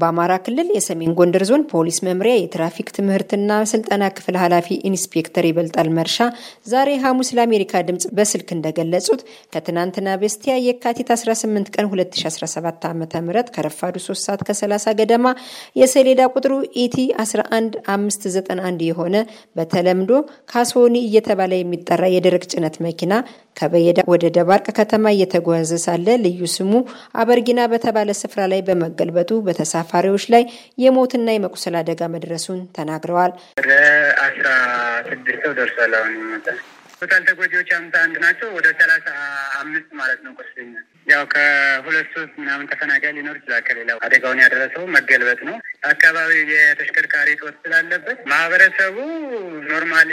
በአማራ ክልል የሰሜን ጎንደር ዞን ፖሊስ መምሪያ የትራፊክ ትምህርትና ስልጠና ክፍል ኃላፊ ኢንስፔክተር ይበልጣል መርሻ ዛሬ ሐሙስ ለአሜሪካ ድምፅ በስልክ እንደገለጹት ከትናንትና በስቲያ የካቲት 18 ቀን 2017 ዓ ም ከረፋዱ 3 ሰዓት ከ30 ገደማ የሰሌዳ ቁጥሩ ኢቲ 11591 የሆነ በተለምዶ ካሶኒ እየተባለ የሚጠራ የደረቅ ጭነት መኪና ከበየዳ ወደ ደባርቅ ከተማ እየተጓዘ ሳለ ልዩ ስሙ አበርጊና በተባለ ስፍራ ላይ በመገልበጡ በተሳ ተሳፋሪዎች ላይ የሞትና የመቁሰል አደጋ መድረሱን ተናግረዋል። ወደ አስራ ስድስት ሰው ደርሷል። አሁን ቶታል ተጎጂዎች አምሳ አንድ ናቸው። ወደ ሰላሳ አምስት ማለት ነው ቁስለኛ ያው ከሁለት ሶስት ምናምን ተፈናቃይ ሊኖር ይችላል። ከሌላው አደጋውን ያደረሰው መገልበጥ ነው። አካባቢው የተሽከርካሪ ጦት ስላለበት ማህበረሰቡ ኖርማሊ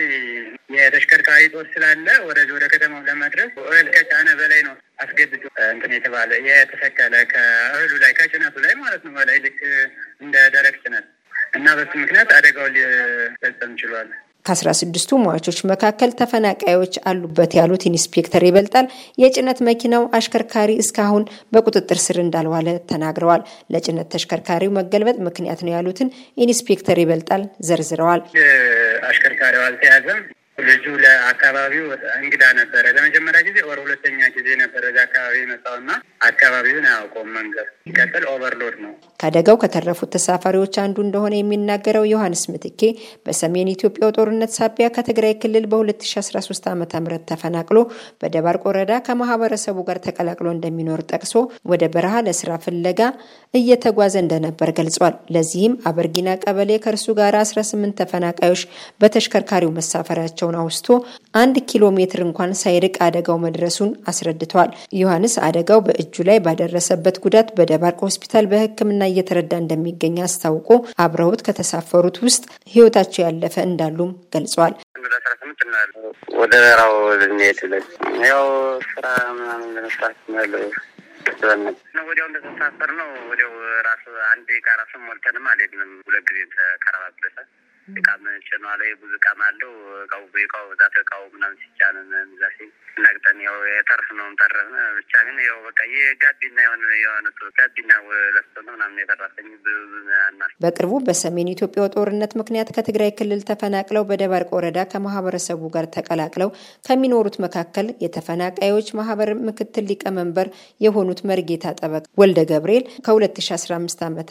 የተሽከርካሪ ጦት ስላለ ወደዚህ ወደ ከተማው ለመድረስ ኦይል ከጫነ በላይ ነው አስገድዶ እንትን የተባለ የተሰቀለ ከእህሉ ላይ ከጭነቱ ላይ ማለት ነው በላይ ልክ እንደ ደረቅ ጭነት እና በሱ ምክንያት አደጋው ሊፈጸም ችሏል። ከአስራ ስድስቱ ሟቾች መካከል ተፈናቃዮች አሉበት ያሉት ኢንስፔክተር ይበልጣል የጭነት መኪናው አሽከርካሪ እስካሁን በቁጥጥር ስር እንዳልዋለ ተናግረዋል። ለጭነት ተሽከርካሪው መገልበጥ ምክንያት ነው ያሉትን ኢንስፔክተር ይበልጣል ዘርዝረዋል። አሽከርካሪው አልተያዘም። ልጁ ለአካባቢው እንግዳ ነበረ። ለመጀመሪያ ጊዜ ወር ሁለተኛ ጊዜ ነበረ እዚ አካባቢ የመጣውና አካባቢውን አያውቀውም መንገድ ሲቀጥል ኦቨርሎድ ነው። ከአደጋው ከተረፉት ተሳፋሪዎች አንዱ እንደሆነ የሚናገረው ዮሐንስ ምትኬ በሰሜን ኢትዮጵያው ጦርነት ሳቢያ ከትግራይ ክልል በ2013 ዓ ም ተፈናቅሎ በደባርቅ ወረዳ ከማህበረሰቡ ጋር ተቀላቅሎ እንደሚኖር ጠቅሶ ወደ በረሃ ለስራ ፍለጋ እየተጓዘ እንደነበር ገልጿል። ለዚህም አበርጊና ቀበሌ ከእርሱ ጋር 18 ተፈናቃዮች በተሽከርካሪው መሳፈሪያቸውን አውስቶ አንድ ኪሎ ሜትር እንኳን ሳይርቅ አደጋው መድረሱን አስረድቷል። ዮሐንስ አደጋው በእጅ እጁ ላይ ባደረሰበት ጉዳት በደባርቅ ሆስፒታል በሕክምና እየተረዳ እንደሚገኝ አስታውቆ አብረውት ከተሳፈሩት ውስጥ ህይወታቸው ያለፈ እንዳሉም ገልጿል። ወደ በራው ልንሄድ ያው ስራ ምናምን ለመስራት ያለው ወዲያው እንደተሳፈር ነው ወዲያው ራሱ አንድ ቃ ራሱ ሞልተንም አልሄድንም ሁለት ጊዜ ተከረባበሰ እቃም ጭኗ ላይ ብዙ እቃም አለው እቃው እቃው ብዛት እቃው ምናምን ሲጫንን እዛ ሲ እናግጠን ያው የተርፍ ነው ተረፍ ብቻ ግን ያው በቃ ይህ ጋቢና የሆነ የሆነ ጋቢና ለፍቶ ነው ምናምን የተረፈኝ ብዙ ና በቅርቡ በሰሜን ኢትዮጵያ ጦርነት ምክንያት ከትግራይ ክልል ተፈናቅለው በደባርቅ ወረዳ ከማህበረሰቡ ጋር ተቀላቅለው ከሚኖሩት መካከል የተፈናቃዮች ማህበር ምክትል ሊቀመንበር የሆኑት መርጌታ ጠበቅ ወልደ ገብርኤል ከ2015 ዓ ም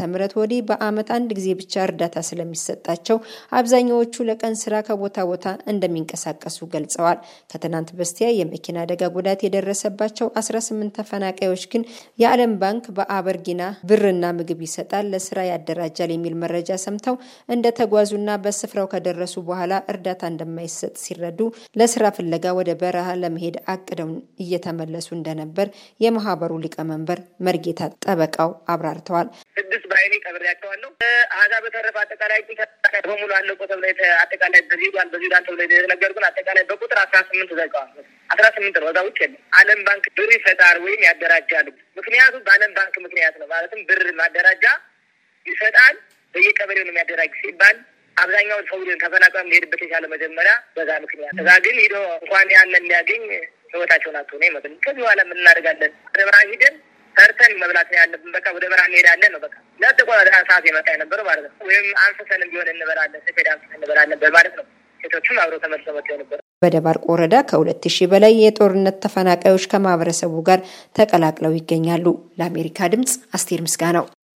ወዲህ በአመት አንድ ጊዜ ብቻ እርዳታ ስለሚሰጣቸው አብዛኛዎቹ ለቀን ስራ ከቦታ ቦታ እንደሚንቀሳቀሱ ገልጸዋል። ከትናንት በስቲያ የመኪና አደጋ ጉዳት የደረሰባቸው 18 ተፈናቃዮች ግን የዓለም ባንክ በአበርጊና ብርና ምግብ ይሰጣል፣ ለስራ ያደራጃል የሚል መረጃ ሰምተው እንደተጓዙና በስፍራው ከደረሱ በኋላ እርዳታ እንደማይሰጥ ሲረዱ ለስራ ፍለጋ ወደ በረሃ ለመሄድ አቅደው እየተመለሱ እንደነበር የማህበሩ ሊቀመንበር መርጌታ ጠበቃው አብራርተዋል። ስድስት በአይኔ ቀብሬያቸዋለሁ። አዛ በተረፈ አጠቃላይ በሙሉ አለቆ ተብሎ አጠቃላይ በዚህ ዳን በዚህ ዳን ተብሎ የተነገሩ ግን አጠቃላይ በቁጥር አስራ ስምንት ዘጋዋል። አስራ ስምንት ነው። እዛ ውጭ የለም። ዓለም ባንክ ብር ይፈጣል ወይም ያደራጃሉ። ምክንያቱም በዓለም ባንክ ምክንያት ነው። ማለትም ብር ማደራጃ ይፈጣል በየቀበሌው ነው የሚያደራጅ ሲባል አብዛኛውን ሰው ተፈናቅለው የሚሄድበት የቻለ መጀመሪያ በዛ ምክንያት እዛ ግን ሂዶ እንኳን ያንን የሚያገኝ ህይወታቸውን አቶ ነው ይመስል ከዚህ በኋላ ምን እናደርጋለን ደብራ ሂደን ሰርተን መብላት ነው ያለብን። በቃ ወደ በራ እንሄዳለን ነው በቃ ለጥቆላ ሰዓት የመጣ የነበረው ማለት ነው። ወይም አንስሰንም ቢሆን እንበላለን፣ ስፌድ አንስሰን እንበላለን በማለት ነው። ሴቶቹም አብረው ተመልሰው መጥተው ነበር። በደባርቅ ወረዳ ከሁለት ሺህ በላይ የጦርነት ተፈናቃዮች ከማህበረሰቡ ጋር ተቀላቅለው ይገኛሉ። ለአሜሪካ ድምፅ አስቴር ምስጋ ነው።